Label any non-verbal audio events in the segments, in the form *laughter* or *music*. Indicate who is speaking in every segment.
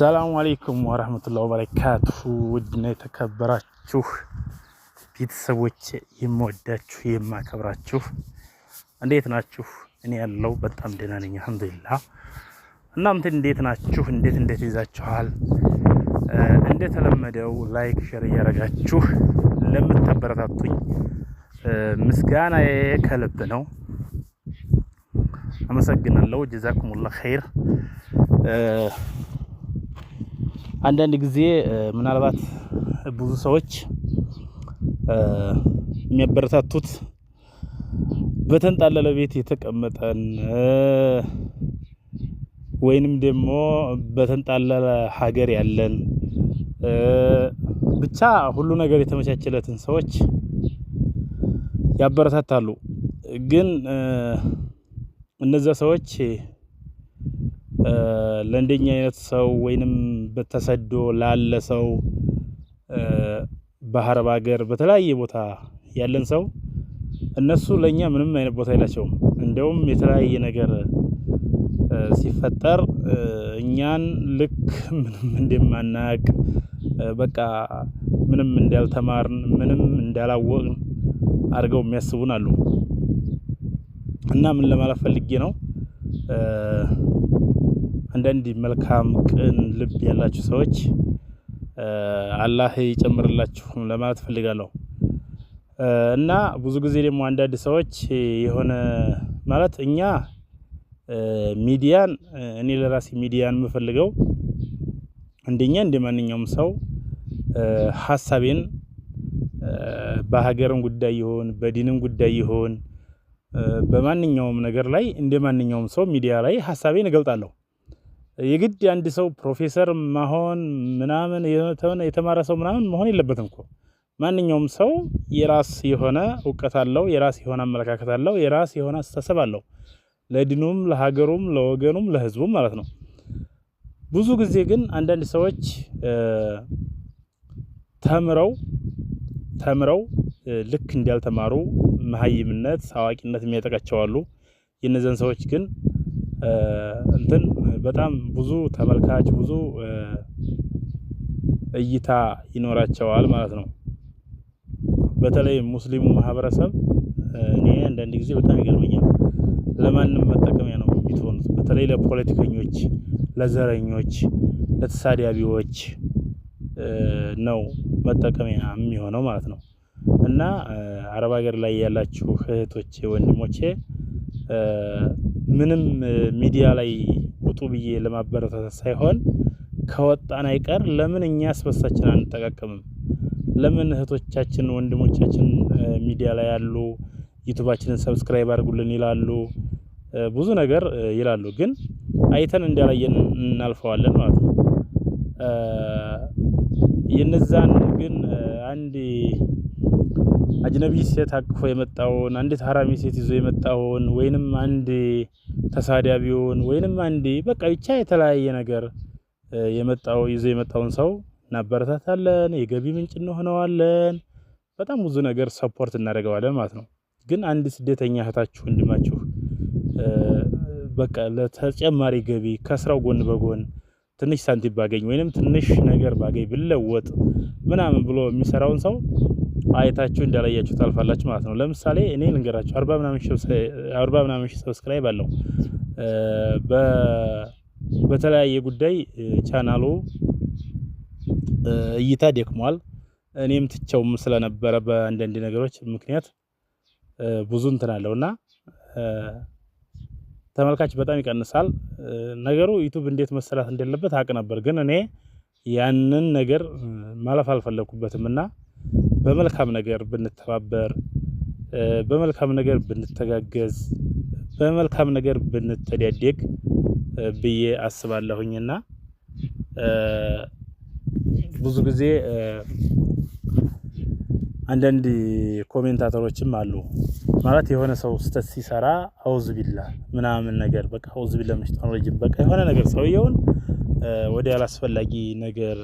Speaker 1: አሰላሙ አሌይኩም ወረህመቱላህ ወበረካቱ። ውድና የተከበራችሁ ቤተሰቦች የምወዳችሁ የማከብራችሁ እንዴት ናችሁ? እኔ ያለው በጣም ደህና ነኝ አልሐምዱሊላህ። እናንተ እንዴት ናችሁ? እንዴት እንዴት ይዛችኋል? እንደተለመደው ላይክ፣ ሼር እያደረጋችሁ ለምታበረታቱኝ ምስጋና ከልብ ነው። አመሰግናለሁ። ጀዛኩሙላህ ኸይር አንዳንድ ጊዜ ምናልባት ብዙ ሰዎች የሚያበረታቱት በተንጣለለ ቤት የተቀመጠን ወይንም ደግሞ በተንጣለለ ሀገር ያለን ብቻ ሁሉ ነገር የተመቻቸለትን ሰዎች ያበረታታሉ። ግን እነዛ ሰዎች ለእንደኛ አይነት ሰው ወይንም ተሰዶ ላለ ሰው በአረብ ሀገር በተለያየ ቦታ ያለን ሰው እነሱ ለእኛ ምንም አይነት ቦታ የላቸውም። እንደውም የተለያየ ነገር ሲፈጠር እኛን ልክ ምንም እንደማናቅ በቃ ምንም እንዳልተማርን ምንም እንዳላወቅን አድርገው የሚያስቡን አሉ። እና ምን ለማለት ፈልጌ ነው አንዳንድ መልካም ቅን ልብ ያላችሁ ሰዎች አላህ ይጨምርላችሁ ለማለት ፈልጋለሁ። እና ብዙ ጊዜ ደግሞ አንዳንድ ሰዎች የሆነ ማለት እኛ ሚዲያን እኔ ለራሴ ሚዲያን የምፈልገው እንደኛ እንደ ማንኛውም ሰው ሀሳቤን በሀገርም ጉዳይ ይሆን በዲንም ጉዳይ ይሆን በማንኛውም ነገር ላይ እንደ ማንኛውም ሰው ሚዲያ ላይ ሀሳቤን እገልጣለሁ። የግድ አንድ ሰው ፕሮፌሰር መሆን ምናምን የተማረ ሰው ምናምን መሆን የለበትም እኮ። ማንኛውም ሰው የራስ የሆነ እውቀት አለው፣ የራስ የሆነ አመለካከት አለው፣ የራስ የሆነ አስተሳሰብ አለው፣ ለዲኑም፣ ለሀገሩም፣ ለወገኑም፣ ለህዝቡም ማለት ነው። ብዙ ጊዜ ግን አንዳንድ ሰዎች ተምረው ተምረው ልክ እንዳልተማሩ መሀይምነት፣ አዋቂነት የሚያጠቃቸው አሉ። የነዚያን ሰዎች ግን እንትን በጣም ብዙ ተመልካች ብዙ እይታ ይኖራቸዋል ማለት ነው። በተለይ ሙስሊሙ ማህበረሰብ እኔ አንዳንድ ጊዜ በጣም ይገርመኛል። ለማንም መጠቀሚያ ነው የሚሆኑት። በተለይ ለፖለቲከኞች፣ ለዘረኞች፣ ለተሳዳቢዎች ነው መጠቀሚያ የሚሆነው ማለት ነው። እና አረብ ሀገር ላይ ያላችሁ እህቶቼ፣ ወንድሞቼ ምንም ሚዲያ ላይ ውጡ ብዬ ለማበረታታት ሳይሆን ከወጣን አይቀር ለምን እኛ አስበሳችን አንጠቃቀምም? ለምን እህቶቻችን ወንድሞቻችን ሚዲያ ላይ ያሉ ዩቱባችንን ሰብስክራይብ አድርጉልን ይላሉ፣ ብዙ ነገር ይላሉ። ግን አይተን እንዳላየን እናልፈዋለን ማለት ነው። የነዛን ግን አንድ አጅነቢ ሴት አቅፎ የመጣውን አንዲት ታራሚ ሴት ይዞ የመጣውን ወይንም አንድ ተሳዳቢውን ወይንም አንድ በቃ ብቻ የተለያየ ነገር የመጣው ይዞ የመጣውን ሰው እናበረታታለን፣ የገቢ ምንጭ እንሆነዋለን፣ በጣም ብዙ ነገር ሰፖርት እናደርገዋለን ማለት ነው። ግን አንድ ስደተኛ እህታችሁ ወንድማችሁ በቃ ለተጨማሪ ገቢ ከስራው ጎን በጎን ትንሽ ሳንቲም ባገኝ ወይንም ትንሽ ነገር ባገኝ ብለወጥ ምናምን ብሎ የሚሰራውን ሰው አይታችሁ እንዳላያችሁ ታልፋላችሁ ማለት ነው። ለምሳሌ እኔ ልንገራችሁ አርባ ምናምን ሺህ ሰብስክራይብ አለው በተለያየ ጉዳይ ቻናሉ እይታ ደክሟል። እኔም ትቸውም ስለነበረ በአንዳንድ ነገሮች ምክንያት ብዙ እንትን አለው እና ተመልካች በጣም ይቀንሳል። ነገሩ ዩቱብ እንዴት መሰራት እንደለበት አቅ ነበር፣ ግን እኔ ያንን ነገር ማለፍ አልፈለኩበትምና። እና በመልካም ነገር ብንተባበር፣ በመልካም ነገር ብንተጋገዝ፣ በመልካም ነገር ብንተዳደግ ብዬ አስባለሁኝና ብዙ ጊዜ አንዳንድ ኮሜንታተሮችም አሉ ማለት የሆነ ሰው ስህተት ሲሰራ አውዝ ቢላ ምናምን ነገር በቃ አውዝ ቢላ ምሽጣን ረጅም በቃ የሆነ ነገር ሰውየውን ወደ ያላስፈላጊ ነገር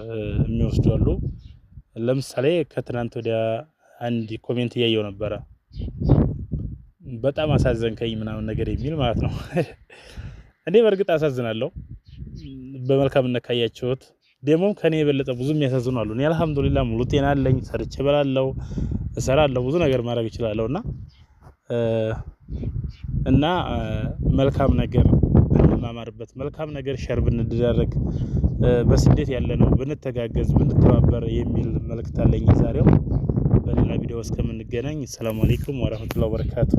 Speaker 1: የሚወስዱ አሉ። ለምሳሌ ከትናንት ወዲያ አንድ ኮሜንት እያየው ነበረ። በጣም አሳዘንከኝ ምናምን ነገር የሚል ማለት ነው። *laughs* እኔ በእርግጥ አሳዝናለሁ። በመልካምነት ካያችሁት ደግሞም ከኔ የበለጠ ብዙ የሚያሳዝኑ አሉ። እኔ አልሐምዱሊላ ሙሉ ጤና አለኝ። ሰርቼ በላለው እሰራለሁ፣ ብዙ ነገር ማድረግ እችላለሁ እና እና መልካም ነገር ብንማማርበት መልካም ነገር ሸር ብንደረግ በስደት ያለ ነው ብንተጋገዝ ብንተባበር የሚል መልእክት አለኝ። ዛሬው በሌላ ቪዲዮ እስከምንገናኝ ሰላም አሌይኩም ወረህመቱላሂ ወበረካቱ።